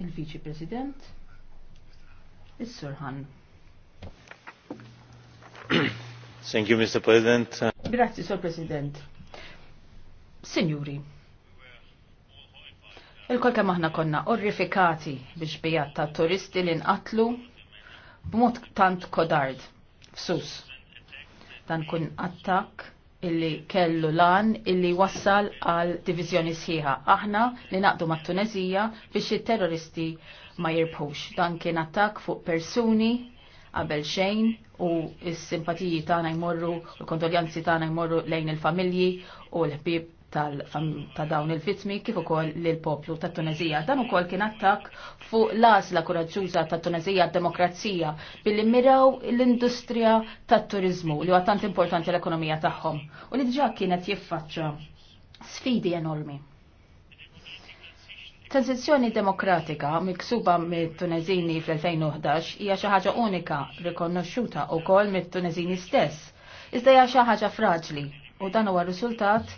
il-Viċi President, il-Sur Thank you, Mr. President. Grazie, Sur President. Signori, il-kol kem aħna konna orrifikati biex bijat ta' turisti li nqatlu b'mod tant kodard f'Sus. Dan kun attak illi kellu lan illi wassal għal divizjoni sħiħa. Aħna li naqdu ma' Tunezija biex il-terroristi ma jirbħux. Dan kien attak fuq persuni qabel xejn u s-simpatiji tagħna jmorru, u l-kondoljanzi tagħna jmorru lejn il-familji u l-ħbib ta' dawn il-vittmi kif ukoll lil poplu ta' Tunezija. Dan ukoll kien attakk fuq l għażla koraġġuża ta' Tunezija demokrazija billi miraw l-industrija ta' turizmu li huwa tant importanti l-ekonomija tagħhom u li diġà kienet jiffaċċa sfidi enormi. Transizzjoni demokratika miksuba mit-Tunezini fl-2011 hija xi ħaġa unika rikonoxxuta wkoll mit-Tunezini stess. Iżda hija xi ħaġa fraġli u dan huwa riżultat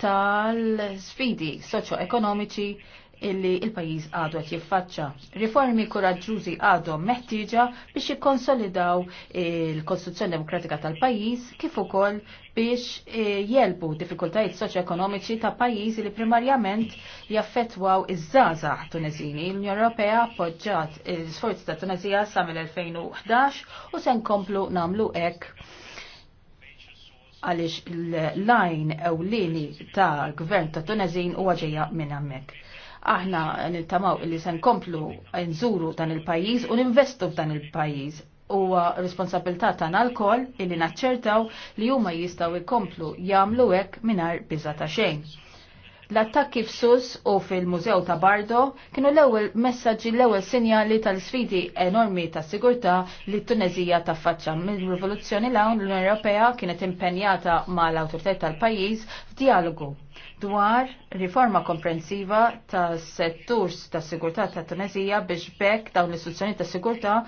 tal-sfidi soċjo-ekonomiċi illi il-pajjiż għadu qed jiffaċċa. Riformi kuraġġużi għadhom meħtieġa biex jikkonsolidaw il-Kostituzzjoni Demokratika tal-pajjiż kif ukoll biex eh, jelbu diffikultajiet soċ-ekonomiċi ta' pajjiżi li primarjament jaffettwaw iż-żgħażagħ Tunezini. L-Unjoni Ewropea appoġġjat l-isforzi ta' Tunezija sa mill-2011 u se nkomplu nagħmlu hekk għaliex l-lajn ewlieni ta' gvern ta' Tunezin huwa ġejja minn għammek. Aħna nittamaw li se nkomplu nżuru dan il-pajjiż u ninvestu f'dan il-pajjiż huwa responsabilità tagħna l-koll li naċċertaw li huma jistgħu jkomplu jagħmlu hekk mingħajr biża ta' xejn. L-attakki f'Sus u fil-Mużew ta' Bardo kienu l-ewwel messaġġi l-ewwel sinjali tal-sfidi enormi ta' sigurtà li t-Tunezija taffaċċa. Mill-rivoluzzjoni l-hawn l-Unjoni Ewropea kienet impenjata mal-awtoritajiet tal-pajjiż f'dialogu dwar riforma komprensiva tas setturs tas sigurtà ta' Tunezija biex bekk dawn l-istituzzjoni ta' sigurtà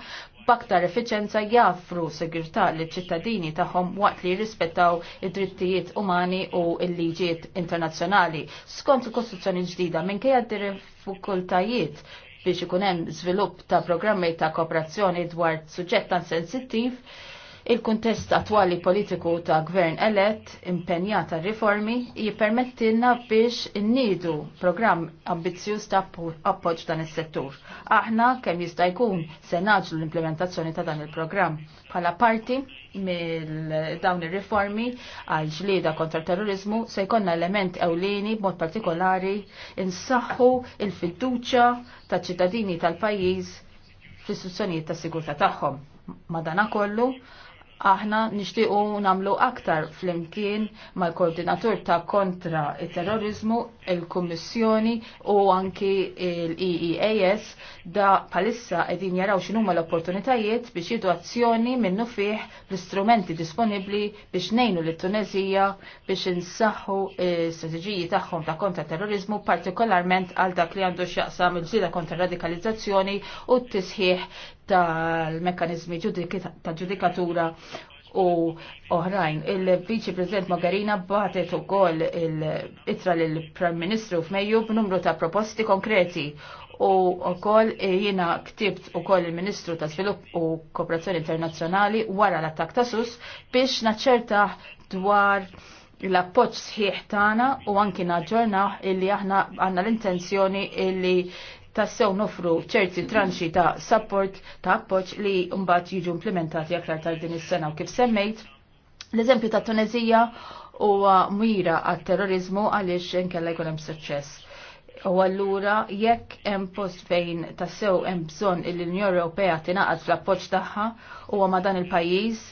b'aktar effiċenza jaffru sigurtà li ċittadini tagħhom waqt li jirrispettaw id-drittijiet umani u l-liġijiet internazzjonali. Skont il-Kostituzzjoni ġdida minkejja d-diffikultajiet biex ikun hemm żvilupp ta' programmi ta' kooperazzjoni dwar suġġett tan sensittiv, Il-kuntest attwali politiku ta' gvern elett impenjata riformi jippermettilna biex innidu programm ambizjuż ta' appoġġ dan is-settur. Aħna kemm jista' jkun se l-implementazzjoni ta' dan il-programm bħala parti mill-dawn ir-riformi għal ġlieda kontra terrorizmu se jkollna element ewlieni b'mod partikolari insaħħu il-fiduċja taċ ċittadini tal-pajjiż fl-istituzzjonijiet tas-sigurtà tagħhom. Madana kollu, aħna nixtiequ namlu aktar flimkien mal-koordinatur ta' kontra il-terrorizmu, il-Kummissjoni u anki l-EEAS da palissa edin jaraw x'inhuma l-opportunitajiet biex jidu azzjoni minnu fih l-istrumenti disponibli biex nejnu l tunezija biex insaħħu strateġiji tagħhom ta' kontra terrorizmu partikolarment għal dak li għandu x'jaqsam il-ġida kontra radikalizzazzjoni u t-tisħiħ tal-mekkanizmi ta' ġudikatura u oħrajn. Il-Viċi President Mogherina batet u koll il-itra l-Prime Ministru f'Mejju b'numru ta' proposti konkreti u koll jina ktibt u koll il-Ministru ta' Svilup u Kooperazzjoni Internazzjonali wara l-attak ta' sus biex naċċerta dwar l-appoċ sħiħ tagħna u anki naġġorna illi aħna għandna l-intenzjoni illi tassew nofru ċerti tranxi ta' support ta' appoġġ li mbagħad jiġu implementati aktar tal din is-sena u kif semmejt. L-eżempju ta' Tunezija huwa mira għat-terrorizmu għaliex inkella jkun hemm suċċess. U allura jekk hemm post fejn tassew hemm bżonn il-Unjoni Ewropea tingħaqad fl-appoġġ tagħha huwa ma' dan il-pajjiż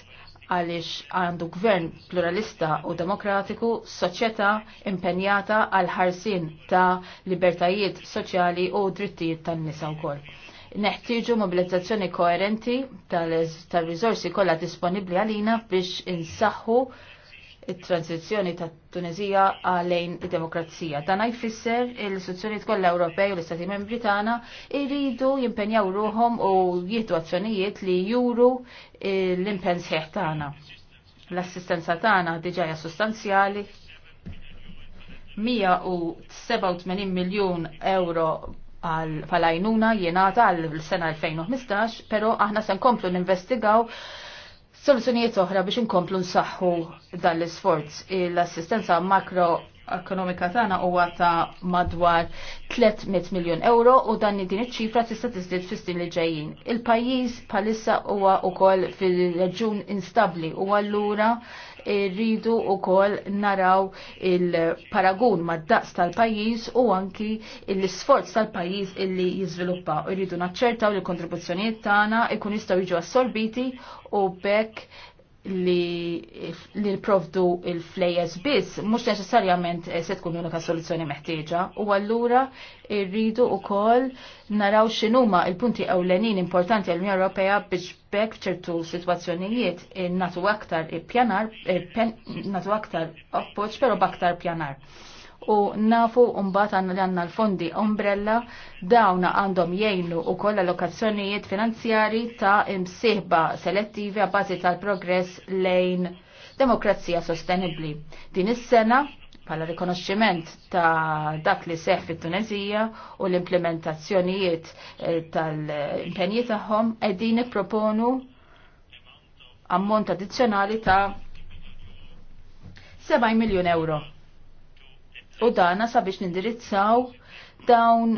għaliex għandu gvern pluralista u demokratiku, soċjetà impenjata għal ħarsin ta' libertajiet soċjali u drittijiet tan-nisa wkoll neħtieġu mobilizzazzjoni koerenti tal-rizorsi kollha disponibbli għalina biex insaħħu il-transizjoni ta' Tunezija għalejn id-demokrazija. Dan jfisser il-istituzzjonijiet kollha Ewropej u l-Istati Membri tagħna jridu jimpenjaw ruhom u jieħdu azzjonijiet li juru l-impenn sħiħ tagħna. L-assistenza tagħna diġà hija sostanzjali 187 miljun euro għal għajnuna jenata għal sena 2015, pero aħna sen komplu ninvestigaw investigaw soluzzjonijiet oħra biex inkomplu nsaħħu dan l-isforz. L-assistenza makroekonomika tagħna huwa ta' madwar 300 miljon euro u dan din iċ-ċifra tista' tiżdied fis li ġejjin. Il-pajjiż bħalissa huwa wkoll fil-reġun instabbli u allura rridu u kol naraw il-paragun ma daqs tal-pajis u anki l-sforz tal-pajis illi jizviluppa. Rridu naċċertaw li kontribuzzjoniet tagħna ikun jistgħu jiġu assorbiti u bekk li li provdu il-flejes biss, mux neċessarjament eh, se tkun l-unika soluzzjoni meħtieġa, u allura irridu u kol naraw xinuma il-punti ewlenin importanti għall unjoni Ewropea biex bekk ċertu situazzjonijiet eh, natu aktar eh, pjanar, natu aktar appoċ, pero baktar pjanar u nafu mbagħad għandna li għanna l-fondi Umbrella dawna għandhom jgħinu u kolla allokazzjonijiet finanzjari ta' imsieħba selettivi għabbażi tal-progress lejn demokrazija sostenibli. Din is-sena bħala rikonoxximent ta' dak li seħ fit-Tunezija u l-implementazzjonijiet eh, tal-impenji tagħhom qegħdin ipproponu ammont addizzjonali ta' 7 miljun euro u dana sabiex nindirizzaw dawn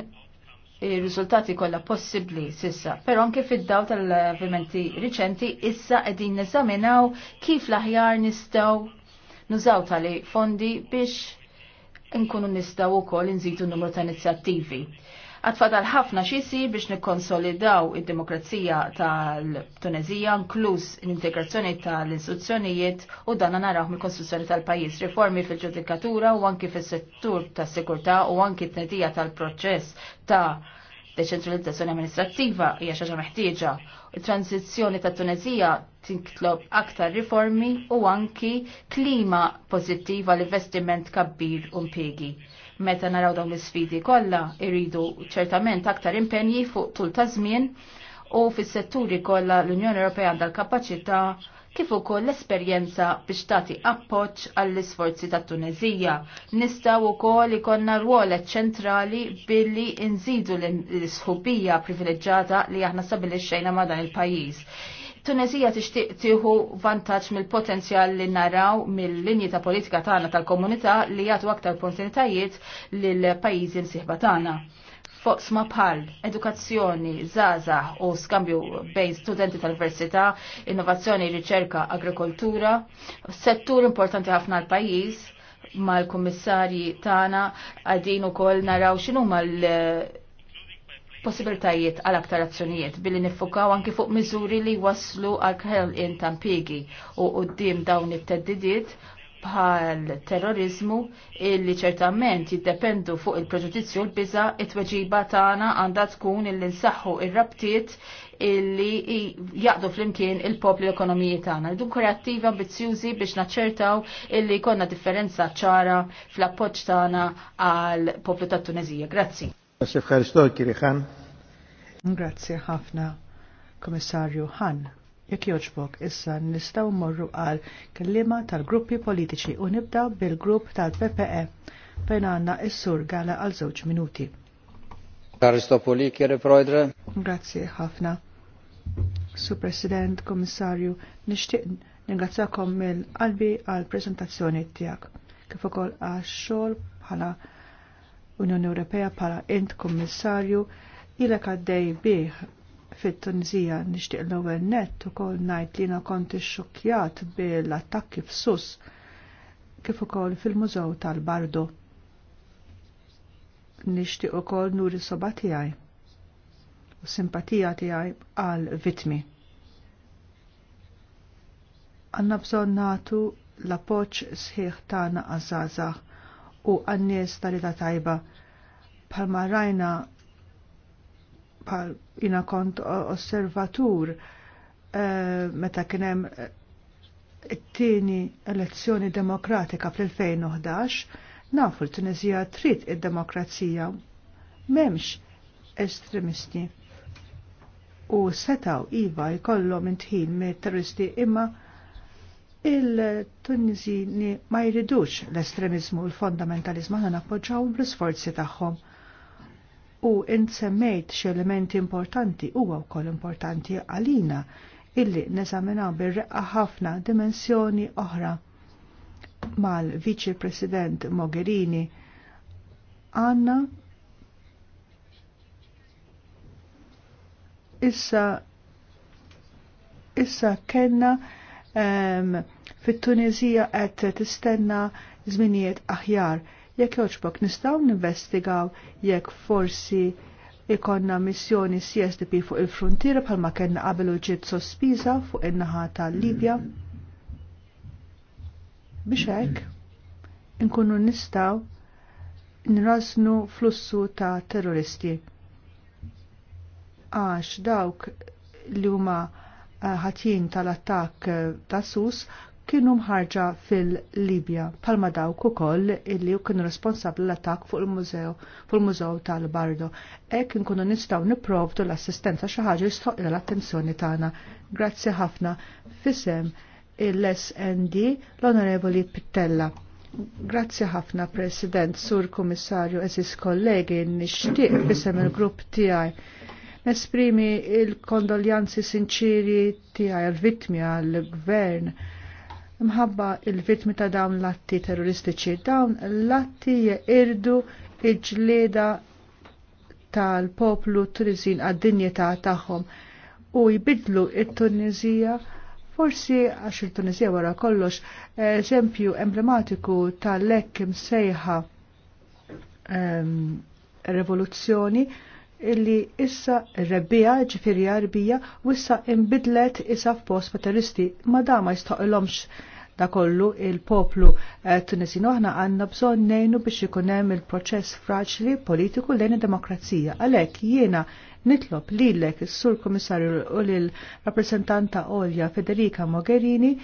il-riżultati kollha possibbli sissa. Però anke fid-daw tal-avvenimenti riċenti issa qegħdin nizaminaw kif l-aħjar nistgħu nużaw tali fondi biex nkunu nistgħu wkoll inżidu n numru ta' inizjattivi. Għatfadal ħafna xisi biex nikkonsolidaw id-demokrazija tal-Tunezija, inkluż l-integrazzjoni tal-istituzzjonijiet u dan naraw mill konstruzzjoni tal-pajjiż, riformi fil-ġudikatura u anki fis-settur tas-sikurtà u anki t tal-proċess ta' deċentralizzazzjoni amministrattiva hija xaġa meħtieġa. Il-tranzizzjoni ta' Tunezija tinklob aktar riformi u anki klima pożittiva l-investiment kabbir u impjegi meta naraw dawn l-sfidi kollha irridu ċertament aktar impenji fuq tul ta' żmien u fis-setturi kollha l-Unjoni Ewropea għandha l-kapaċità kif ukoll l-esperjenza biex tagħti appoġġ għall-isforzi tat-Tunezija. Nistgħu wkoll ikollna rwol ċentrali billi nżidu l-isħubija privileġġata li aħna x-xejna ma' dan il-pajjiż. Tunezija tixtieq tieħu vantaġġ mill-potenzjal li naraw mill-linji ta' politika tagħna tal-komunità li jagħtu aktar opportunitajiet lil pajjiżi msieħba tagħna. Foqsma bħal edukazzjoni, zaza u skambju bejn studenti tal-università, innovazzjoni, riċerka, agrikoltura, settur importanti ħafna l-pajjiż mal-kummissarji tagħna għadin ukoll naraw x'inhuma l possibiltajiet għal aktar azzjonijiet billi nifokaw anki fuq miżuri li waslu għal ħelqien tampigi u qoddim dawn it-teddidiet bħal terrorizmu illi ċertament jiddependu fuq il-preġudizzju l-biża it-tweġiba tagħna għandha tkun illi nsaħħu ir-rabtiet illi jaqdu flimkien il-popli ekonomiji tagħna. Dun kreattivi ambizzjużi biex naċċertaw illi konna differenza ċara fl-appoġġ tagħna għal poplu tat-Tunezija. Grazzi. Grazie ħafna, Komissarju Han. Jek joġbok, issa nistaw morru għal kellima tal-gruppi politiċi u nibda bil-grupp tal-PPE fejn għanna s-sur għala għal żewġ minuti. Aristopoli kjeri projdre. Grazie ħafna. Su President, Komissarju, nishtiq ningrazzakom mill-qalbi għal prezentazzjoni tijak, kif ukoll għax xogħol bħala Unjoni Ewropea bħala ent kommissarju ilek għaddej bih fit-Tunizija nixtieq l-ewwel nett ukoll ngħid li na konti xokjat bil-attakki f'Sus kif ukoll fil-Mużew tal-Bardo. Nixtieq ukoll nuri soba tiegħi u simpatija tiegħi għal vitmi. Għanna bżonn nagħtu l-appoġġ sħiħ tagħna għażażagħ u għannis tal-ida tajba. Palma rajna pal jina kont osservatur uh, meta kienem it-tieni eh, elezzjoni demokratika fl-2011, nafu l-Tunizija trid id-demokrazija. Memx estremisti. U setaw iva jkollhom intħin mit terroristi imma il-Tunizini ma jridux l-estremizmu u l-fondamentalizmu ħana appoġġaw bl-sforzi tagħhom. U insemmejt xi elementi importanti huwa wkoll importanti għalina illi neżaminaw bir-reqqa ħafna dimensjoni oħra mal-Viċi President Mogherini għanna issa issa kenna fit-Tunizija qed tistenna żminijiet aħjar. Jekk joġbok nistgħu ninvestigaw jekk forsi ikonna missjoni CSDP fuq il-frontiera bħalma kellna qabel u ġiet sospiża fuq in-naħa tal-Libja. Biex hekk inkunu nistgħu nraznu flussu ta' terroristi. Għax dawk li huma ħatjin tal-attak ta' Sus kienu mħarġa fil-Libja, palma dawk ukoll illi kienu responsabbli l-attak fuq il-mużew fuq il-mużew tal-Bardo. Ek nkunu nistgħu nipprovdu l-assistenza xi ħaġa jistoqra l-attenzjoni tagħna. Grazzi ħafna fisem il-SND l-Onorevoli Pittella. Grazzi ħafna President, Sur Kommissarju eżis kollegi, nishtiq fisem il-grupp TI. Nesprimi il-kondoljanzi sinċiri tiegħi għal-vittmi għal-gvern mħabba il-vittmi ta' dawn l-atti terroristiċi. Dawn l-atti irdu iġleda tal-poplu turizin għad-dinjeta tagħhom u jbidlu it-Tunizija forsi għax il-Tunizija wara kollox eżempju emblematiku tal-lekk msejħa um, revoluzzjoni illi issa rebbija ġifiri għarbija u issa imbidlet issa f'post fatalisti ma da ma jistoqilomx da kollu il-poplu eh, tunisino aħna għanna bżon nejnu biex ikunem il-proċess fraċli politiku lejn demokrazija. Għalek jiena nitlob lilek il-sur komissarju u l-rappresentanta Olja Federica Mogherini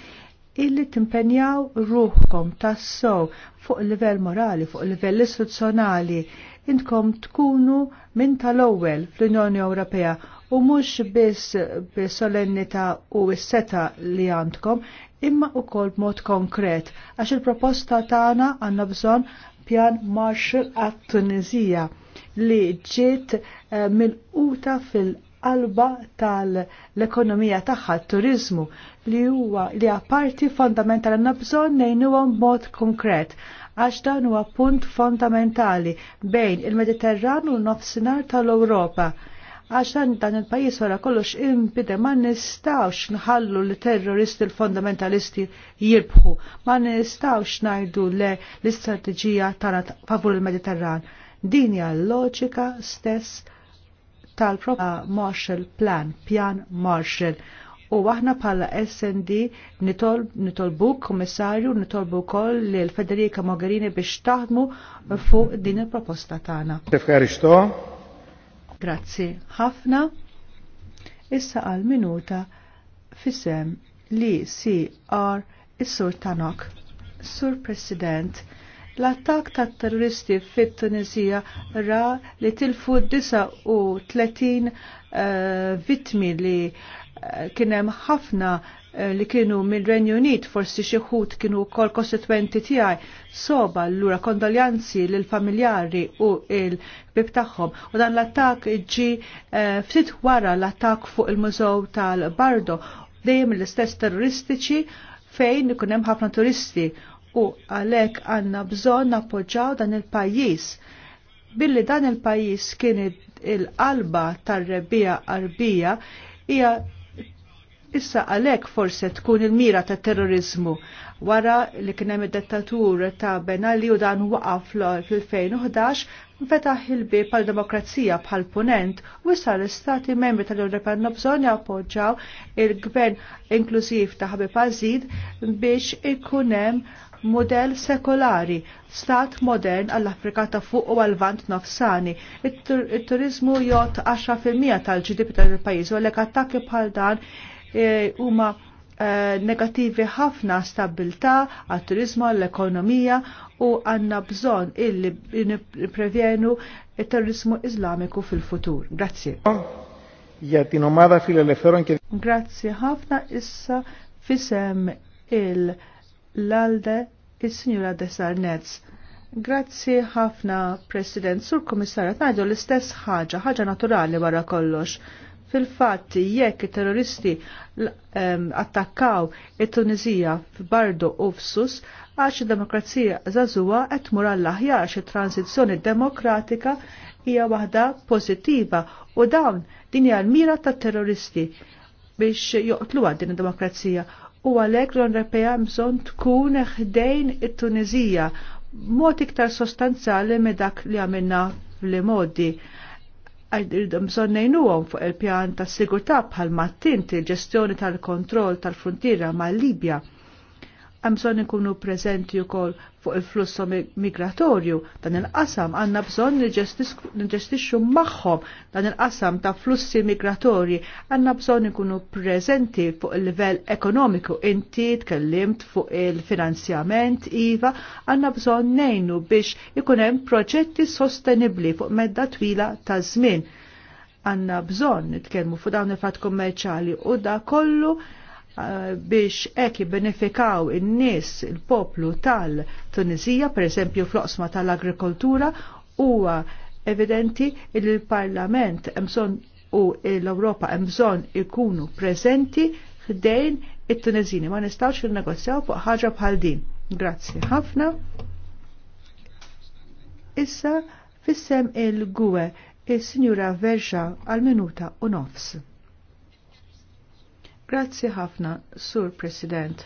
illi timpenjaw ruħkom tassow fuq livell morali, fuq livell istituzzjonali intkom tkunu minn tal-ewwel fl-Unjoni Ewropea u mhux biss bis-solennità u s-seta li għandkom imma ukoll b'mod konkret għax il-proposta tagħna għandna bżonn pjan Marshall għat-Tunizija li ġiet eh, mill-quta fil-qalba tal-ekonomija tagħha t-turizmu li huwa li apparti fondamentali għandna bżonn ngħinuhom b'mod konkret għax dan huwa punt fondamentali bejn il-Mediterran u l-nofsinhar tal-Ewropa. Għax dan dan il-pajjiż wara kollox impide ma nistawx nħallu li terroristi l-fondamentalisti jirbħu, ma nistawx ngħidu le l-istrateġija tagħna favur il-Mediterran. Din hija l-loġika stess tal-propa Marshall Plan, pjan Marshall U aħna bħala SND nitolbu komissarju, nitolbu kol l Federica Mogherini biex taħdmu fuq din il-proposta tagħna. Grazzi ħafna. Issa għal minuta fisem li CR is-Sur Tanok. Sur President, l-attak tat terroristi fit tunisija ra li tilfu 39 uh, vitmi li kienem ħafna eh, li kienu minn renju Unit, forsi xieħut kienu kol kostitwenti tijaj, soba l-lura kondoljanzi l-familjari u il-bib taħħom. U dan l-attak ġi eh, ftit wara l-attak fuq il-mużow tal-Bardo, dejjem l-istess terroristiċi fejn kunem ħafna turisti u għalek għanna bżon appoġġaw dan il-pajis. Billi dan il-pajis kien il-qalba tar rebija qarbija hija Issa għalek forse tkun il-mira ta' terrorizmu wara li kien hemm id-dettatur ta' Ben Ali u dan waqaf fl-2011 fetaħ il-bib għal demokrazija bħal punent u issa l-istati membri tal-Ewropa għandna bżonn jappoġġaw il-gvern inklużiv ta' Ħabib Azid biex ikun hemm model sekolari, stat modern għall-Afrika ta' fuq u għall-Vant nofsani. Il-turizmu jot 10% tal-GDP tal-pajjiż u għalhekk attakki bħal dan E, huma e, negativi ħafna stabilta għat turizmu għall-ekonomija u għanna bżon illi prevjenu il-terrorismu islamiku fil-futur. Grazie. Grazie ħafna issa fisem il-lalde il-Signora de Sarnetz. Grazzi ħafna, President, Sur Komissarju, najdu l-istess ħaġa, ħaġa naturali wara kollox Fil-fatt, jekk terroristi attakkaw it-Tunizija f'Bardo u f'Sus, għax id-demokrazija zazuwa qed mural għall-aħjar xe transizzjoni demokratika hija waħda pożittiva u dawn din hija l-mira tat-terroristi biex joqtluha din id-demokrazija u għalhekk l Ewropea mżon tkun ħdejn it-Tunizija mod iktar sostanzjali me dak li għamilna fl modi għajdildom sonnejnu għom fuq il-pjan ta' sigurta bħal mattin il-ġestjoni tal-kontroll tal-frontiera ma' Libja bżonn ikunu preżenti wkoll fuq il-flusso migratorju. Dan il-qasam għandna bżonn niġestixxu magħhom dan il-qasam ta' flussi migratorji għandna bżonn ikunu preżenti fuq il-livell ekonomiku. Inti tkellimt fuq il-finanzjament iva għandna bżonn nejnu biex ikun hemm proġetti sostenibbli fuq medda twila ta' żmien għanna bżon nitkellmu fuq dawn il-fat kommerċali u da kollu biex eki jibbenefikaw in-nies il-poplu tal tunizija per esempio fl osma tal-agrikoltura, huwa evidenti li l-Parlament u l-Europa emżon ikunu prezenti ħdejn it-Tunizini. Ma nistawx il-negozjaw fuq ħaġa bħal din. Grazzi ħafna. Issa fissem il-gwe il-Sinjura Verġa għal-minuta u nofs. Grazzi ħafna, Sur President.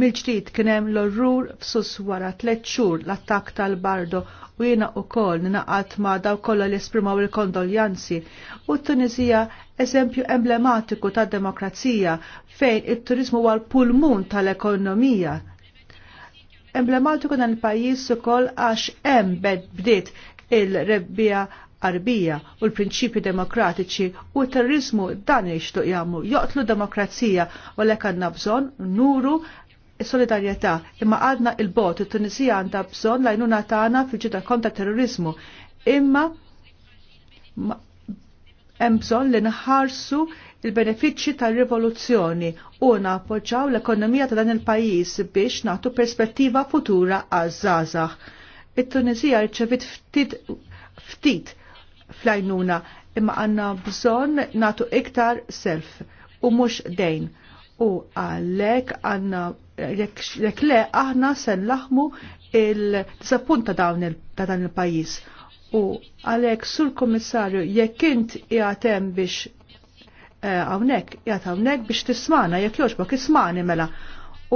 Mil-ġdid kienem l-orrur f'sus wara tliet xhur l-attak tal-bardo u jiena wkoll ninaqat ma' daw kollha li esprimaw il-kondoljanzi u t-Tunisija eżempju emblematiku ta' demokrazija fejn it-turizmu huwa l-pulmun tal-ekonomija. Emblematiku dan il-pajjiż ukoll għax hemm bdiet il-rebbija arbija u l-prinċipi demokratiċi u terrorizmu dan jixtuq jagħmlu joqtlu demokrazija u lek għandna bżonn nuru solidarjetà imma għadna il-bot it-Tunisija għandha bżonn lajnuna tagħna fil-ġita kontra terrorizmu imma hemm bżonn li nħarsu il-benefiċċji tal-rivoluzzjoni u nappoġġaw l-ekonomija ta' dan il-pajjiż biex nagħtu perspettiva futura għaż-żgħażagħ. It-Tunisija rċevit ftit ftit flajnuna imma għanna bżon natu iktar self u mux dejn. U għallek għanna jekk le aħna sen laħmu il disappunta ta' dawn il-pajis. U għalek sur komissarju jekk int jgħatem biex għawnek, eh, jgħat għawnek biex tismana, jekk joġbok ismani mela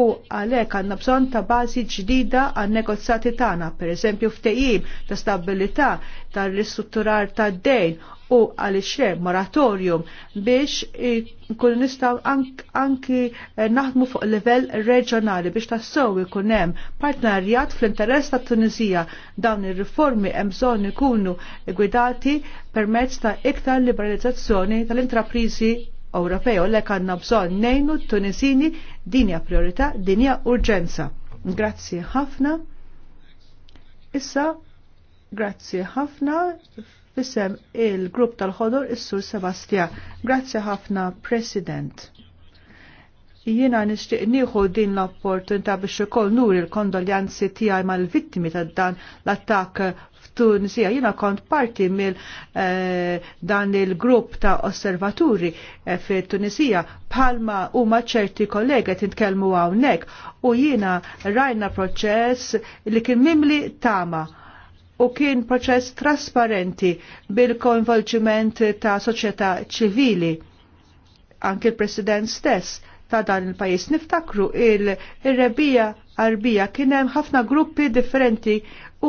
u għalhekk għandna bżonn ta' bażi ġdida għan negozjati tagħna, pereżempju ftejim ta' stabilità tal-ristrutturar tad-dejn u għaliex moratorium biex kun nistaw anki eh, naħdmu fuq livell reġjonali biex ta' sowi hemm partnerjat fl-interess tat Tunisija dawn ir-riformi hemm bżonn ikunu gwidati permezz ta' iktar liberalizzazzjoni tal-intraprizi Ewropej u lek għandna nejnu t-Tunisini Dinja priorità, dinja urġenza. Grazzi ħafna. Issa, grazzi ħafna fissem il-grupp tal ħodur is-Sur Sebastia. Grazzi ħafna, President. Jiena nixtieq nieħu din l-opportunità biex ukoll nuri l-kondoljanzi tiegħi mal-vittimi ta' dan l-attakk Tunisija. Jina kont parti mill eh, dan il-grupp ta' osservaturi eh, fi Tunisija palma u ċerti kollega tintkelmu għawnek u jina rajna proċess li kien mimli tama u kien proċess trasparenti bil-konvolġiment ta' soċjetà ċivili. Anki l-President stess ta' dan il-pajis. Niftakru il-rebija arbija kienem ħafna gruppi differenti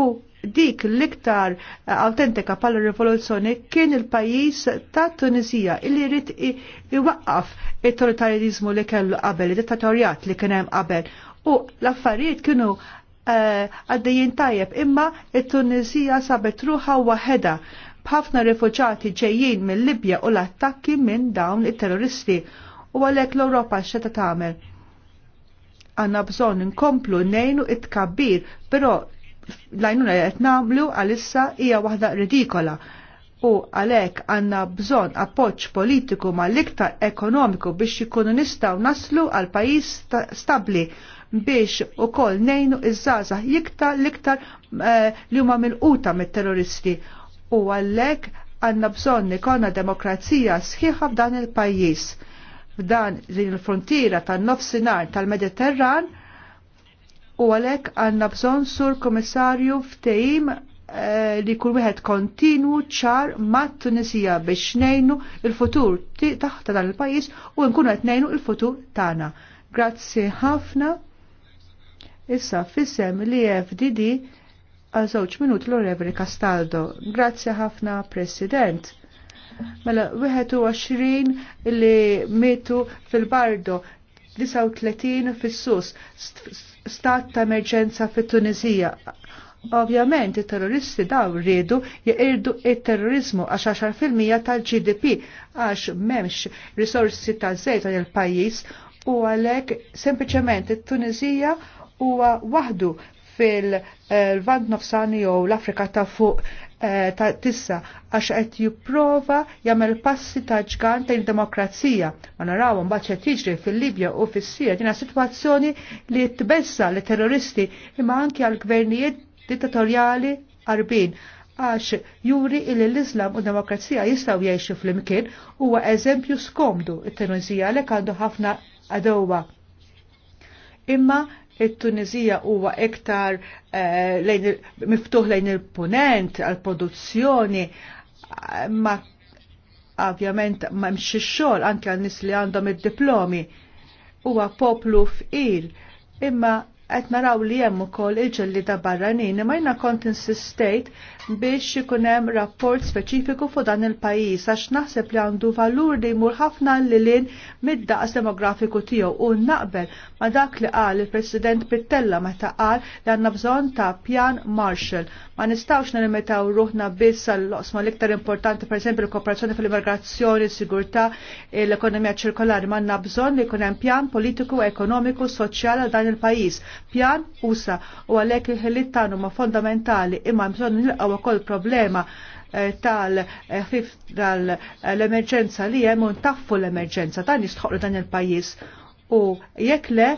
u dik l-iktar autentika pal rivoluzzjoni kien il-pajis ta' Tunisija illi rrit iwaqqaf il-totalitarizmu li kellu qabel, il-dittatorjat li kien hemm qabel. U l-affarijiet kienu eh, għaddejjin uh, tajjeb imma il tunisija sabet ruħa waħeda b'ħafna rifuġati ġejjin minn Libja u l-attakki minn dawn it-terroristi u għalhekk l-Ewropa xeta tagħmel. Għanna bżonn inkomplu nejnu it-kabbir, però l-għajnuna qed nagħmlu għalissa hija waħda ridikola u għalek għanna bżon appoċ politiku ma l-iktar ekonomiku biex jikunu nistaw naslu għal pajis stabli biex u kol nejnu iż-żaza jiktar liktar eh, li huma mill-quta mit-terroristi u għalek għanna bżon nikonna demokrazija sħiħa f'dan il-pajis f'dan din il frontira tan-nofsinhar tal-Mediterran tal mediterran u għalek għanna bżon sur komissarju ftejim eh, li kull wieħed kontinwu ċar mat Tunisija biex nejnu il-futur taħta dan il-pajis u nkunu qed nejnu il-futur tagħna. Grazzi ħafna. Issa fissem li FDD għal żewġ minut l-Orevri Castaldo. Grazzi ħafna President. Mela 21 li mitu fil-bardo 39 fis-sus stat ta' emerġenza fit tunisija Ovvjament, il-terroristi daw rridu jirdu il-terrorizmu għax 10% tal-GDP għax memx risorsi ta' zejt għal pajis u għalek sempliciment il-Tunizija huwa waħdu fil-Vand Nofsani jew l-Afrika ta' fuq Eh, ta' tissa għax qed jipprova jagħmel passi ta' ġgan ta' demokrazija Ma naraw mbagħad qed jiġri fil-Libja u fis-Sirja dina sitwazzjoni li tbessa li terroristi imma anki għal gvernijiet dittatorjali qarbin għax juri il l-Islam u demokrazija jistaw jgħixu fl-imkien huwa eżempju skomdu it-Tunizija li għandu ħafna għadowa. Imma it-Tunizija huwa iktar eh, miftuħ lejn il-punent għal-produzzjoni ma ovvjament ma mxi xogħol anke għan-nies li għandhom id-diplomi huwa poplu fqil imma qed naraw li hemm ukoll il-ġelli ta' barranin imma jiena kont insistejt biex ikun hemm rapport speċifiku fuq dan il-pajjiż għax naħseb li għandu valur li jmur ħafna l-lin mid-daqs demografiku tiegħu u naqbel ma' dak li qal il-President Pittella meta qal li għandna bżonn ta' pjan Marshall. Ma nistgħux nilimitaw ruħna biss għall-oqsma l-iktar importanti esempio l-kooperazzjoni fil-immigrazzjoni, sigurtà, l-ekonomija ċirkolari, ma għandna bżonn li jkun hemm pjan politiku, ekonomiku, soċjali għal dan il-pajjiż pjan usa u għalhekk il-ħiliet ta' huma fondamentali imma bżonn nilqgħu wkoll problema eh, tal-ħif tal-emerġenza li hemm u ntaffu l-emerġenza dan jistħoqlu dan il-pajjiż u jekk le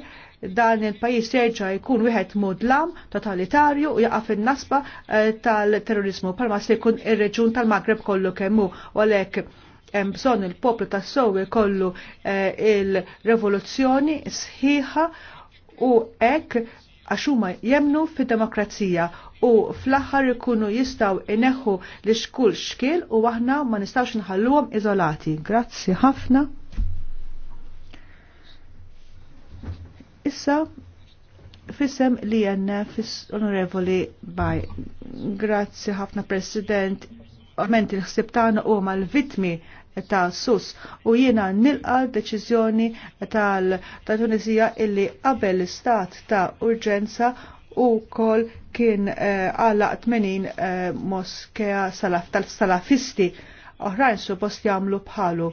dan il-pajis jerġa' jkun wieħed mudlam totalitarju u jaqaf il nasba eh, tal-terrorizmu palma se jkun ir-reġun tal-Magreb kollu kemm hu għalhekk hemm bżonn il-poplu tas-sowi kollu eh, il-revoluzzjoni sħiħa u hekk għax huma jemnu fid-demokrazija u fl-aħħar ikunu jistgħu ineħħu li xkull xkil u aħna ma nistgħux nħalluhom iżolati. Grazzi ħafna. Issa fissem li jenna fiss onorevoli baj. Grazzi ħafna President. Ment il ħsibtana u huma l-vitmi ta' sus u jiena nilqa deċiżjoni tal-Tunisija illi qabel stat ta' urġenza u kol kien eh, għala uh, 80 uh, moskea salaf, tal-salafisti oħrajn suppost jagħmlu bħalu.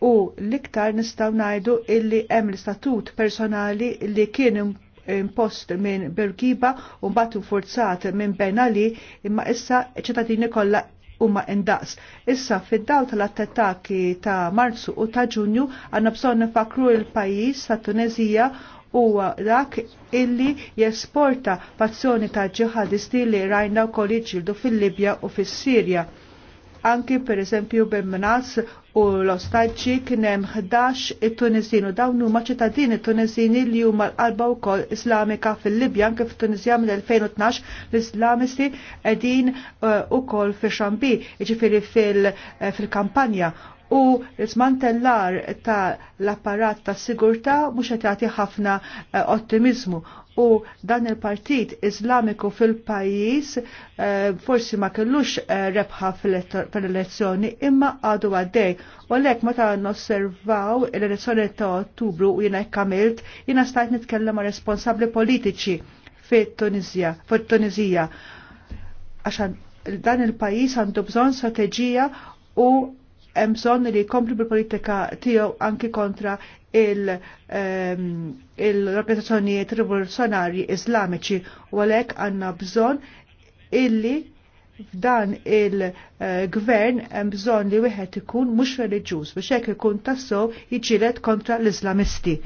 U l-iktar nistgħu ngħidu illi hemm l-istatut personali li kien impost minn Birgiba u mbagħad forzat minn benali imma issa ċittadini kollha huma indaqs. Issa fid-daw tal attettaki ta' Marzu u ta' Ġunju għandna bżonn nifakru il-pajjiż ta' Tunezija u dak illi jesporta pazzjoni ta' ġihadisti li rajna u kolli fil-Libja u fis-Sirja anki per eżempju Bermenas u l-ostaġġi kien hemm 11 it-Tunisin u dawn huma ċittadini Tunisini li huma l-qalba wkoll Islamika fil-Libja anke fit-Tunisja mill-2012 l-Islamisti qegħdin eh, ukoll fi Xambi, jiġifieri eh, fil-kampanja u l-smantellar ta' l-apparat ta' sigurta mhux qed jagħti ħafna eh, ottimizmu u dan il-partit iżlamiku fil-pajjiż eh, forsi ma kellux eh, rebħa fil-elezzjoni imma għadu għaddej. U għalhekk meta nosservaw l-elezzjoni ta' Ottubru u jiena kamilt jiena stajt nitkellem ma' responsabbli politiċi fit fit-Tunizija għaxan dan il-pajis għandu bżon strategija u hemm bżonn li jkompli bil-politika tiegħu anki kontra il-organizzazzjonijiet il ehm, rivoluzzjonarji islamiċi u għalhekk għandna bżonn illi f'dan il-gvern eh, hemm bżonn li wieħed ikun mhux reliġjuż biex hekk ikun tassew jiġilet kontra l-Islamisti.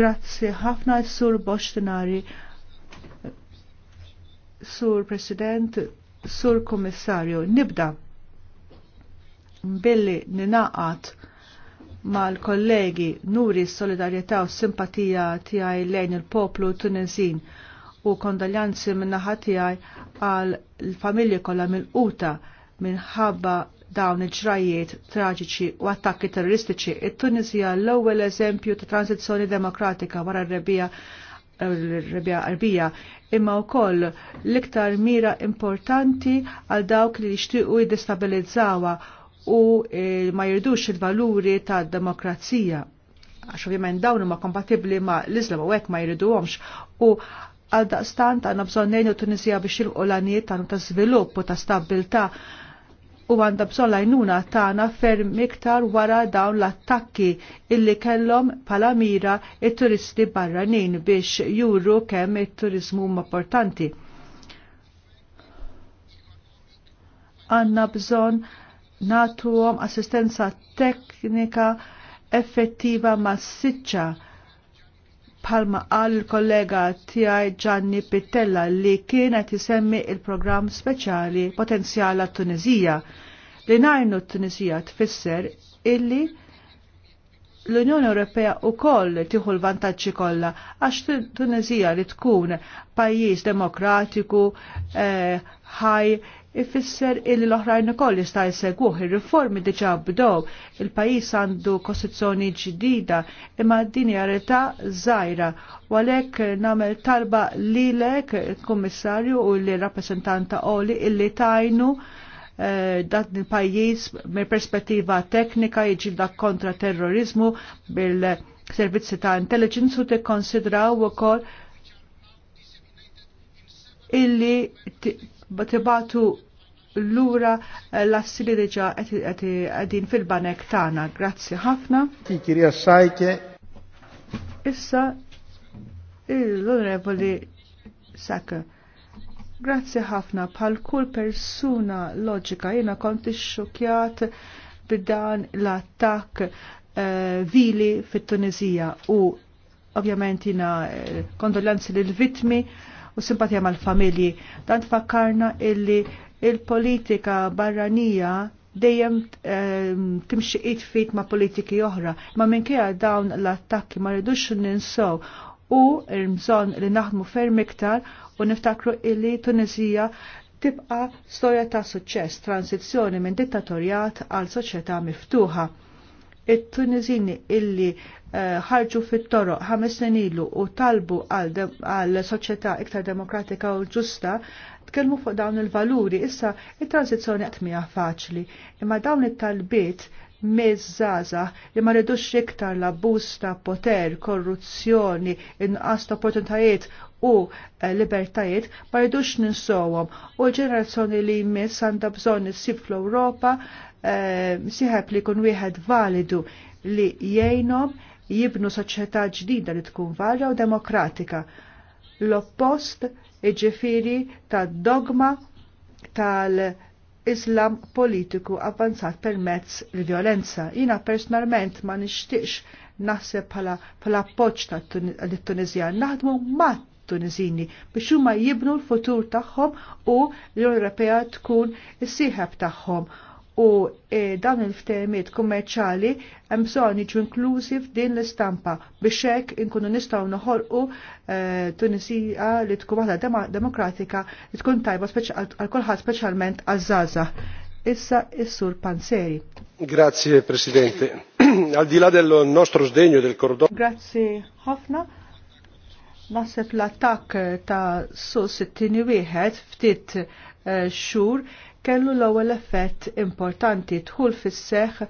Grazzi ħafna sur Boxtinari, sur President, sur Kommissarju. Nibda billi ninaqat mal-kollegi nuri s-solidarjetà u simpatija tiegħi lejn il-poplu Tunezin u kondoljanzi minnaħa tiegħi għal l-familji kollha mill-quta minħabba dawn il-ġrajiet traġiċi u attakki terroristiċi. It-Tunisija l-ewwel eżempju ta' tranzizzjoni demokratika wara r-rebija rebija qarbija imma wkoll l-iktar mira importanti għal dawk li jixtiequ jiddestabilizzawa u e, ma jirdux il-valuri ta' demokrazija. Għax ovvjament dawn huma kompatibbli ma' l-Islam u hekk ma għomx. u għal daqstant għandna bżonn nejnu Tunisija biex jilqu l-għanijiet ta' żvilupp u ta' stabilità u għandha bżonn lajnuna tagħna ferm iktar wara dawn l-attakki illi kellhom bħala mira it-turisti barranin biex juru kemm it-turizmu huma importanti. Għanna bżon natuhom assistenza teknika effettiva massiċċa palma għal kollega tiegħi Gianni Pittella li kienet isemmi il-programm speċjali potenzjala Tunizija li najnu Tunizija tfisser illi l-Unjoni Ewropea u koll tiħu l-vantaġġi kollha għax Tunizija li tkun pajjiż demokratiku ħaj eh, ifisser il l-oħrajn ukoll jista' jsegwuh ir-riformi diġà bdew. Il-pajjiż għandu kostituzzjoni ġdida imma din hija realtà żgħira u għalhekk nagħmel talba lilek il kummissarju u li rappreżentanta oli illi tajnu eh, dat il-pajjiż mill perspettiva teknika jiġilda kontra terrorizmu bil-servizzi ta' intelligence u tikkonsidraw ukoll illi tibatu l-lura l assili li deġa għedin fil-banek tana. Grazzi ħafna. Kikiri għassajke. Issa l-onorevoli sakke. Grazzi ħafna pal kull persuna loġika jena konti xokjat dan l-attak eh, vili fit-Tunizija u ovvjament jina eh, kondolenzi l-vitmi u simpatija mal-familji. Dan tfakkarna illi il-politika barranija dejjem ehm, timxi it fit ma' politiki oħra, ma' minkejja dawn l-attakki ma' rridux ninsow u mżon li naħdmu ferm iktar u niftakru illi Tunisija tibqa storja ta' suċċess, transizzjoni minn dittatorjat għal soċjetà miftuħa it-Tunizini illi eh, ħarġu fit-toro ħames snin ilu u talbu għal soċjetà iktar demokratika u ġusta tkellmu fuq dawn il-valuri issa it-tranzizzjoni qed miha faċli. Imma dawn it-talbiet mezzaza li ma rridux iktar l-abbuż ta' poter, korruzzjoni, inqas ta' opportunitajiet u eh, libertajiet ma ridux ninsowhom u l-ġenerazzjoni li jmiss għandha bżonn issib fl-Ewropa Eh, siħab li kun wieħed validu li jgħinom jibnu soċjetà ġdida li tkun valja u demokratika. L-oppost iġifiri ta' dogma tal-Islam politiku avvanzat permezz l-violenza. Jina personalment ma nixtiex naħseb bħala appoġġ tal-Tunizjan. Naħdmu mat Tunizini biex huma jibnu l-futur tagħhom u l-Ewropea tkun is-sieħeb tagħhom u e, dan il-ftehmiet kummerċali hemm bżonn jiġu inklużi f'din l-istampa biex hekk inkunu nistgħu noħolqu e, eh, Tunisija li tkun waħda dem demokratika li tkun tajba għal kulħadd speċjalment għaż-żgħażagħ. Issa is-sur Panzeri. Grazie Presidente. Al di là del nostro sdegno del cordone. Grazie ħafna. Naħseb l-attakk ta' su 61 ftit eh, xur kellu l-ewwel effett importanti dħul fis-seħħ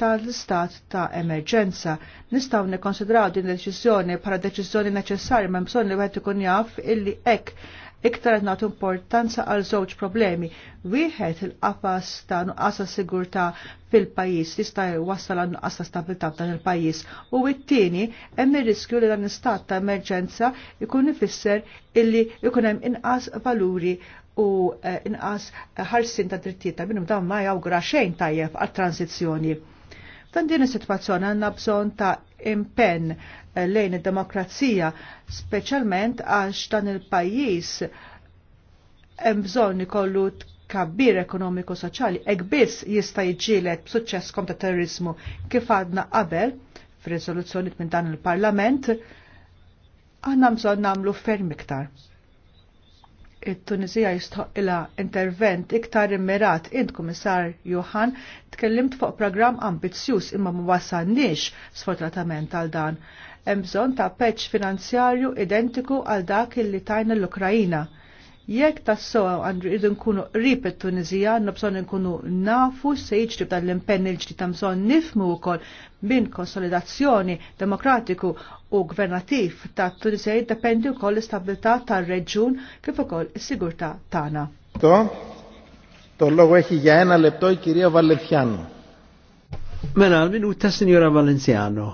tal-istat ta' emerġenza. Nistaw nikkonsidraw din deċiżjoni bħala deċiżjoni neċessarja ma' bżonn li wieħed ikun jaf illi hekk iktar qed nagħtu importanza għal żewġ problemi. Wieħed il-qafas ta' nuqqas sigurtà fil-pajjiż jista' jwassal għal nuqqas ta' stabilità f'dan il-pajjiż. U t-tieni hemm ir-riskju li dan l-istat ta' emerġenza jkun ifisser illi jkun hemm inqas valuri u eh, inqas eh, ħarsin ta' drittijiet ta' minnum dan ma jawgura xejn tajjeb għat-tranzizzjoni. Dan din is-sitwazzjoni għandna bżonn ta' impenn eh, lejn id-demokrazija, speċjalment għax dan il-pajjiż hemm bżonn ikollu kabbir ekonomiku soċjali hekk biss jista' jiġġieled b'suċċess kontra terrorizmu kif għadna qabel f'riżoluzzjoni minn dan il-Parlament għandna bżonn nagħmlu ferm iktar it tunizija jistħoq ila intervent iktar immirat int komissar Johan tkellimt fuq programm ambizzjuż imma ma wasalniex sfortunatament għal dan. Hemm bżonn ta' peċ finanzjarju identiku għal dak illi tajna l-Ukrajina Jekk tassow għandu irridu nkunu qrib it-Tunizija, nabson bżonn nkunu nafu se jiġri tal-impenn il-ġdid ta' bżonn nifmu wkoll bin konsolidazzjoni demokratiku u gvernativ ta' Tunizija jiddependi wkoll l-istabilità tar-reġjun kif ukoll is-sigurtà tagħna. To, tollogu eħi ġajna leptoj kirija Valenciano. Mela, ta' Signora Valenciano.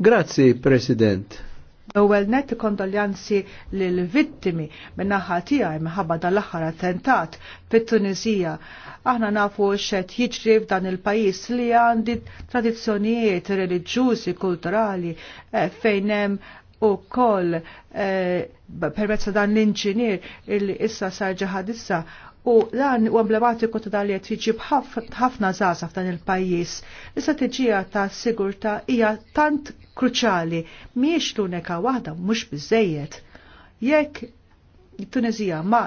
Grazie, President. L-ewwel net kondoljanzi lil vittimi min-naħa tiegħi minħabba dal-aħħar attentat fit-Tunisija. Aħna nafu x'qed jiġri f'dan il-pajjiż li għandi tradizzjonijiet reliġjużi, kulturali eh, fejn hemm ukoll koll eh, permezz dan l-inġinier illi issa sar ġaħadissa U dan u emblematiku ta' dalli qed jiġi bħafna żgħażagħ f'dan il-pajjiż. Is-strateġija ta' sigurtà hija tant kruċali miex l-unika waħda mhux biżejjed. Jekk Tunezija ma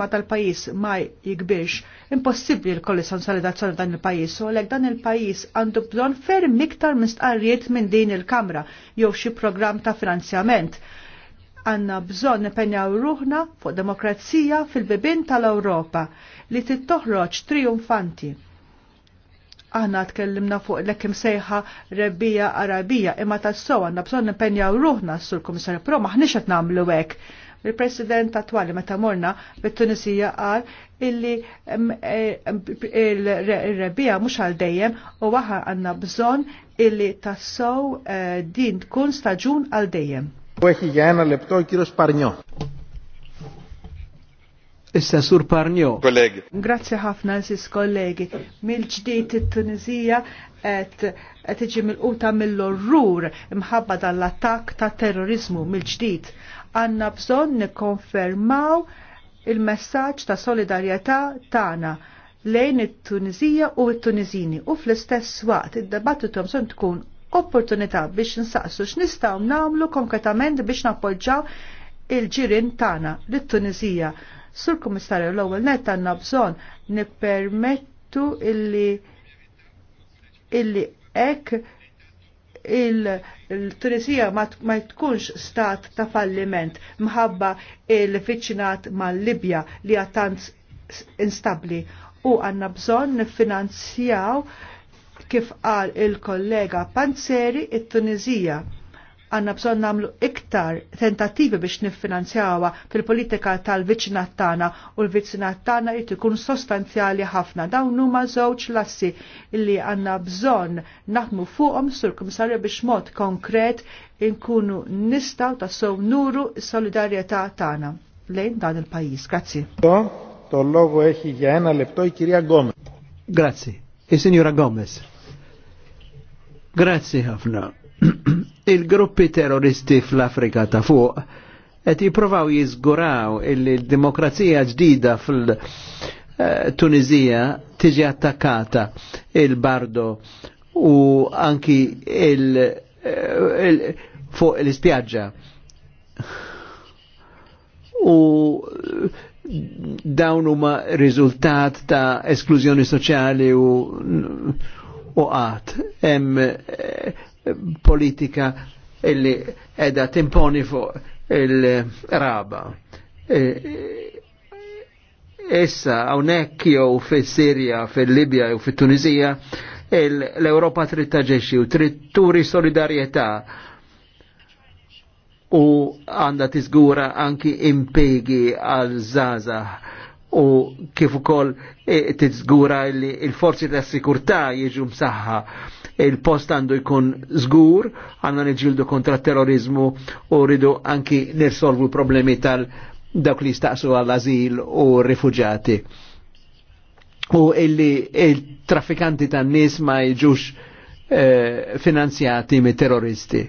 ma tal-pajis ma jikbirx, impossibli l-kolli konsolidazzjoni dan il-pajis, u għalek dan il-pajis għandu bżon ferm iktar mistqarriet minn din il-kamra, jew xi program ta' finanzjament. Għanna bżon nipenjaw ruħna fuq demokrazija fil-bibin tal-Ewropa li tittoħroġ triumfanti Aħna tkellimna fuq l ekim sejħa rebbija arabija imma tas-sow għanna bżon nipenjaw ruħna sur komissar pro maħni qed nagħmlu hekk. Il-President attwali meta morna bit-Tunisija qal illi il-rebbija mhux għal dejjem u waħa għandna bżonn illi tassow eh, din tkun staġun għal dejjem. għana l-ebtoj kiro sparnjo. Issa sur Parnio. Kollegi. Grazie ħafna sis kollegi. Mil-ġdijt it-Tunizija qed tiġi mil quta mill-orrur imħabba dall attak ta' terrorizmu mill-ġdid. Għandna bżonn nikkonfermaw il-messaġġ ta' solidarjetà tagħna lejn it-Tunizija u it-Tunizini u fl-istess waqt id-debattitu bżonn tkun opportunità biex nsaqsu x'nistgħu nagħmlu konkretament biex nappoġġaw il-ġirin tagħna lit-Tunizija Sur Kummissarju l-ewwel net għandna bżonn nippermettu illi illi hekk il-Tunisija ma tkunx stat ta' falliment mħabba il-fiċinat mal-Libja li għattant instabli u għanna bżon nifinanzjaw kif qal il-kollega Panzeri it-Tunizija. il kollega panzeri it tunizija għanna bżon namlu iktar tentativi biex niffinanzjawa fil-politika tal-vicinat tagħna u l-vicinat tagħna jrid ikun sostanzjali ħafna. Dawn huma żewġ lassi li għanna bżon naħdmu fuqom sur kumsarja biex mod konkret inkunu nistaw sow nuru s-solidarjetà tagħna lejn dan il-pajjiż. Grazzi. Το λόγο έχει για ένα λεπτό η κυρία Γκόμες. signora Gomez. Grazie ħafna il-gruppi terroristi fl-Afrika ta' fuq qed jippruvaw jiżguraw illi l-demokrazija ġdida fil-Tunizija eh, tiġi attakkata il-bardo u anki il, eh, il fuq l-ispjaġġa. U dawn huma riżultat ta' esklużjoni soċjali u u qatt. Hemm eh, politika illi edha timponi fuq il-raba. E, issa, hawnhekk jew fi sirja fi libja u fi tunizija l-Europa trid taġexxi u trid turi solidarjetà u għanda tiżgura anki impegi għal zaza u kif ukoll e, tiżgura il l-forzi tas sikurtà jiġu msaħħa il-post għandu jkun zgur, għanna nġildu kontra terrorizmu u rridu anki nirsolvu problemi tal dawk li staqsu għall-azil u rifugjati. U illi il-traffikanti tan nis ma jġux eh, finanzjati me terroristi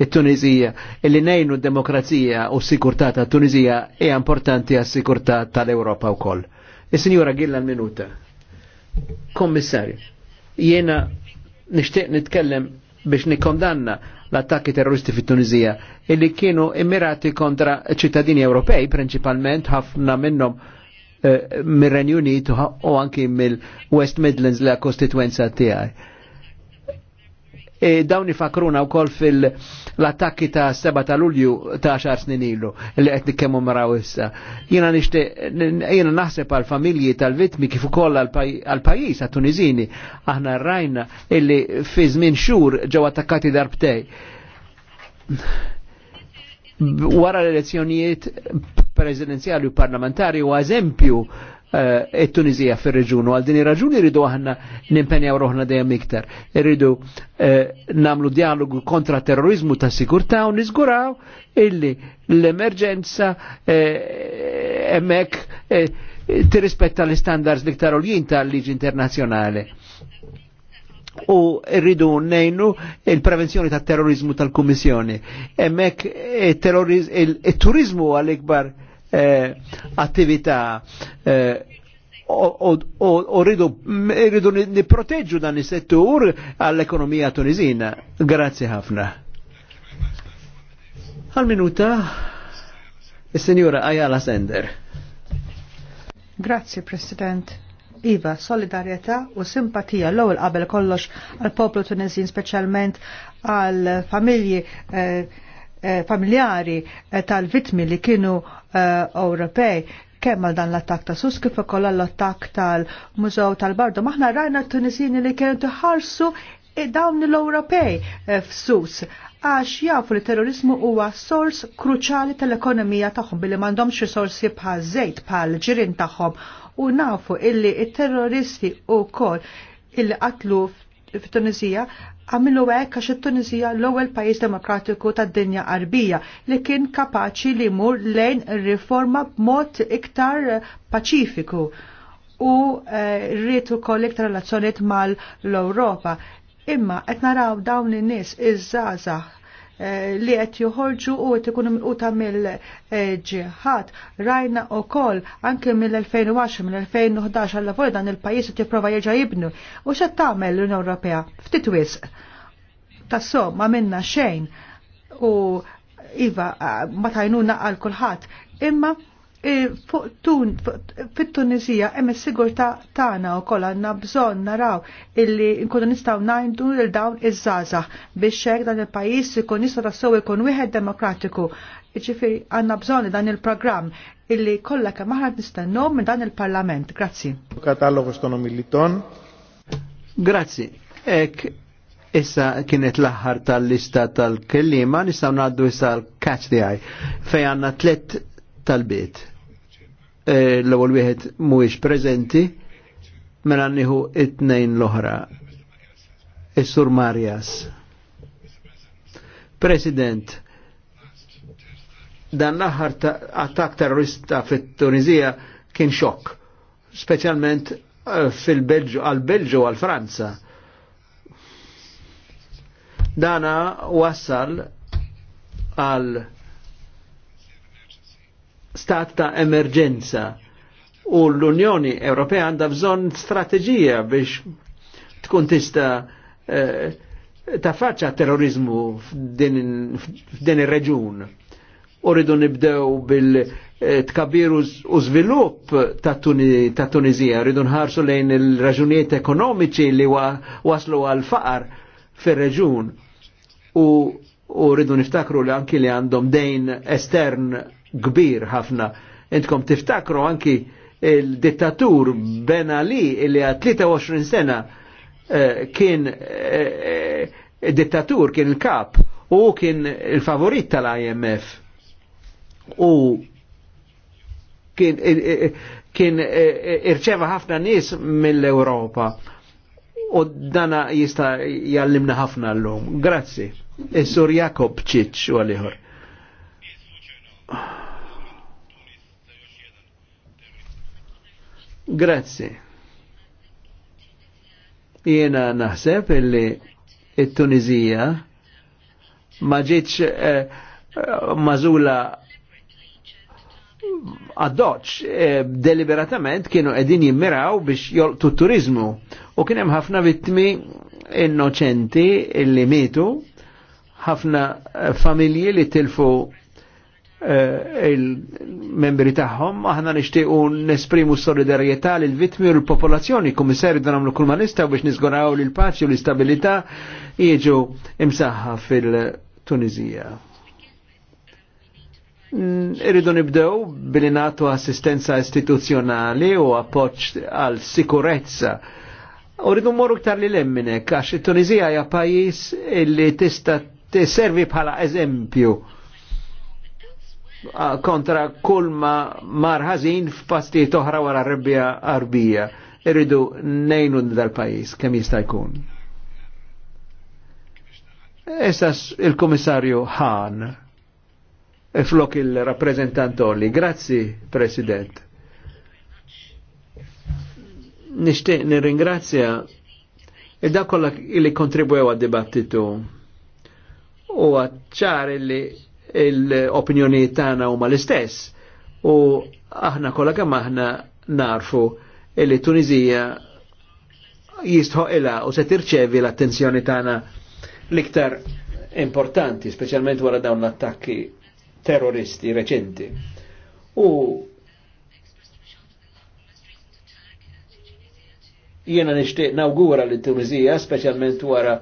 il tunizija illi nejnu demokrazija u sikurtà ta' Tunizija e importanti għas sikurtà tal europa wkoll. koll. Il-Signora Gillan Minuta. Kommissarju. Jena nishtiq nitkellem biex nikondanna l-attakki terroristi fit tunizija illi kienu immirati kontra ċittadini Ewropej, principalment ħafna minnhom eh, mir-Renju Unit u anki mill-West Midlands la kostituenza tiegħi E dawn ifakruna wkoll fil-attakki ta' 7 ta' Lulju ta' xar snin ilu li qed nikkemmu maraw issa. Jiena nixtieq jiena naħseb għal familji tal-vittmi kif ukoll għal pajjiż għat Tuniżini, aħna rajna illi fi żmien xhur ġew attakkati darbtej. Wara l-elezzjonijiet presidenziali u parlamentari u eżempju Eh, it-Tunizija fil reġun u għal din ir-raġuni rridu aħna nimpenjaw roħna dejjem iktar. Irridu eh, namlu dialogu kontra terrorizmu ta' sigurta u nizguraw illi l-emerġenza eh, emmek tirrispetta l-istandards liktar oljin tal-liġi internazzjonali u rridu nejnu il-prevenzjoni ta' terrorizmu tal kommissjoni Emmek il-turizmu għal-ikbar il Eh, attività eh, u rridu niproteġu dan is-settur għall-ekonomija tunisina. Grazzi ħafna. Għal-minuta, il-Senjura Ajala Sender. Grazzi, President. Iva, solidarieta u simpatija l-ewwel qabel kollox għal poplu Tunisin, speċjalment għal familji eh, Eh, familjari eh, tal-vitmi li kienu eh, Ewropej kemm għal dan l-attak ta' Sus kif ukoll l-attak tal-Mużew tal-Bardo. Maħna rajna t-Tunisini li kienu tħarsu dawn l-Ewropej f'Sus għax jafu li terrorizmu huwa sors kruċali tal-ekonomija tagħhom billi m'għandhomx risorsi bħal żejt bħal ġirin tagħhom u nafu illi t-terroristi wkoll illi qatlu fit tunizija għamilu għek għax it-Tunisija l-ewwel pajjiż demokratiku tad-dinja qarbija li kien kapaċi li mur lejn riforma b'mod iktar paċifiku u eh, rrid ukoll iktar relazzjoniet mal-Ewropa. Imma qed naraw dawn in-nies iż-żgħażagħ Eh, li qed joħorġu u qed ikunu milquta mill-ġihad. Rajna wkoll anke mill-2010 mill-2011 għal vojda dan il-pajjiż qed jipprova jerġa' jibnu. U x'qed tagħmel l-Unjoni Ewropea? Ftit wisq. Tassom ma minna xejn u iva ma tajnuna għal kulħadd. Imma E, fit-Tunisija hemm is-sigurtà tagħna wkoll għandna bżonn naraw illi nkunu nistgħu ngħidu lil dawn iż-żgħażagħ biex hekk dan il-pajjiż ikun jista' tassew ikun wieħed demokratiku. Jiġifieri għandna bżonn dan il-programm illi kollha kemm aħna nistennhom minn dan il-Parlament. Grazzi. Katalogu militon. Grazzi. Ek Issa kienet l-aħħar tal-lista tal-kellima, nistaw naddu issa l-catch the eye. Fej għanna tlet tal-bit. E, l-ewwel wieħed mhuwiex preżenti, mela nieħu it-tnejn l-oħra. Is-Sur Marjas. President, dan l-aħħar attak terrorista fit-Tunizija kien xokk, speċjalment e, fil-Belġu, għal-Belġu għal-Franza. Dana wassal għal stat ta' emerġenza u l-Unjoni Ewropea għandha bżonn strateġija biex tkun tista eh, ta' faċċa terrorizmu f'din ir-reġun. Eh, u rridu nibdew bil-tkabbir u żvilupp ta' Tunizija, rridu nħarsu lejn il-raġunijiet ekonomiċi li wa, waslu għal faqar fir-reġun. U, u rridu niftakru li anki li għandhom dejn estern kbir ħafna. Intkom tiftakru anki il-dittatur Ben Ali illi għat 23 sena eh, kien eh, eh, dittatur kien il-kap u kien il-favorit tal-IMF u kien, kien irċeva ħafna nis mill-Europa u dana jista jallimna ħafna l-lum. Grazzi. Is-sur Jakob Ċiċ u għalihor. Grazzi. Jiena naħseb illi il tunizija ma ġietx eh, mażula għaddoċ eh, deliberatament kienu edin jimmiraw biex jolqtu turizmu u kienem ħafna vittmi innoċenti illi mitu ħafna eh, familji li tilfu Eh, il-membri tagħhom, aħna nixtiequ nesprimu solidarietà l vittmi u l-popolazzjoni, kummissarju dan għamlu kulma nistaw biex nizgoraw li l-paċi u l-istabilità iġu imsaħħa fil-Tunizija. Mm, irridu nibdew billi assistenza istituzzjonali u appoġġ għal sikurezza. U rridu morru ktar li lemminek, għax it-Tunizija hija pajjiż li tista' servi bħala eżempju kontra kull ma marħazin f'pasti toħra wara rebbija arbija. Irridu nejnu dal-pajis kemm jista' jkun. Issa il-Komissarju Hahn e flok il-rappresentant Olli. Grazzi, President. Nishtiq nirringrazzja id-dakolla il-li kontribwew għad-dibattitu u ċar li l-opinjoni tagħna huma l-istess. U aħna kolla kam aħna narfu li Tunizija jistħoq u se tirċevi l-attenzjoni tagħna l-iktar importanti, speċjalment wara dawn l-attakki terroristi reċenti. U jiena nixtieq nawgura l-Tunizija, speċjalment wara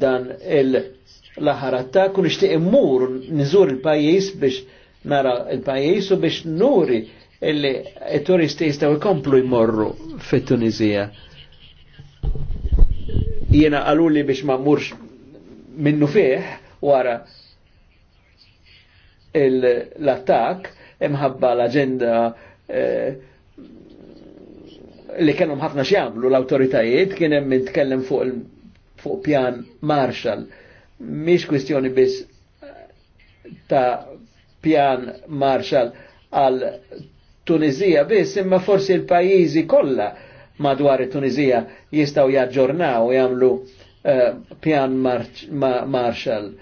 dan il- l-aħħar attakku nixtieq immur niżur il-pajjiż biex nara il-pajjiż u biex nuri illi turisti jistaw ikomplu jmorru fit-Tunizija. Jiena li biex ma mmurx minnu fieħ wara l-attak imħabba l-agenda eh, li kellhom ħafna x'jagħmlu l-awtoritajiet kien hemm nitkellem fuq fuq pjan Marshall miex kwistjoni biss eh, ta' pjan Marshall għal Tunizija biss, imma forsi l-pajizi kollha madwar it-Tunizija jistaw jaġġornaw jagħmlu uh, pjan mar Marshall.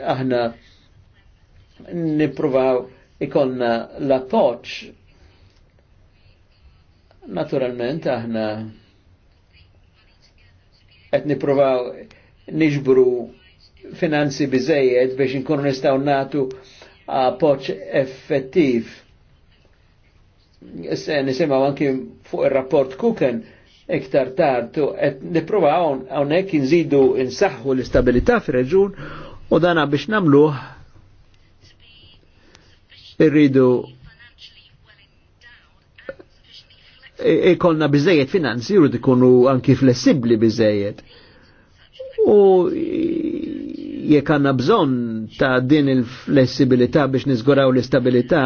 Aħna nippruvaw ikonna La poċ. Naturalment aħna et nipruvaw niġbru finanzi biżejjed biex inkunu nistgħu natu appoġġ effettiv. Nisimgħu anki fuq ir-rapport Kuken iktar tartu qed nippruvaw hawnhekk nżidu insaħħu l-istabilità fir-reġun u dana biex namluħ irridu ikolna bizzejed finanzi u anki flessibli bizzejed u jekk għandna bżonn ta' din il-flessibilità biex nizguraw l-istabilità,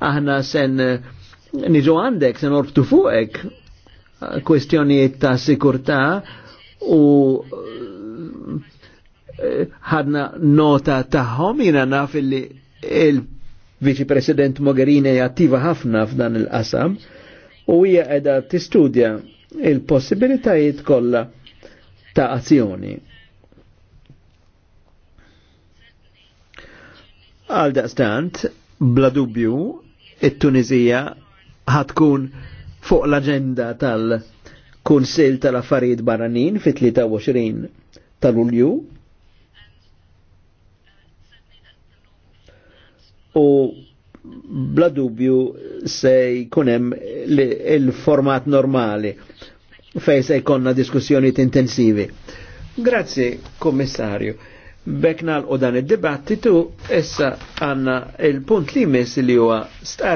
aħna sen eh, niġu għandek, sen orbtu fuqek eh, kwestjonijiet ta' sikurtà u eh, ħadna nota ta' homina naf li il-Viċi President Mogherini attiva ħafna f'dan il-qasam u hija qiegħda tistudja il-possibilitajiet kollha ta' azzjoni. Għal daqstant, bla dubju, it-Tunizija ħatkun fuq l-agenda tal-Kunsil tal-Affarijiet Barranin fit-23 tal-Ulju. U bla dubju se jkunem il-format normali fej se jkonna diskussjoni intensivi. Grazzi, kommissarju. Bekna l dan id-dibattitu, essa għanna il-punt li mis li huwa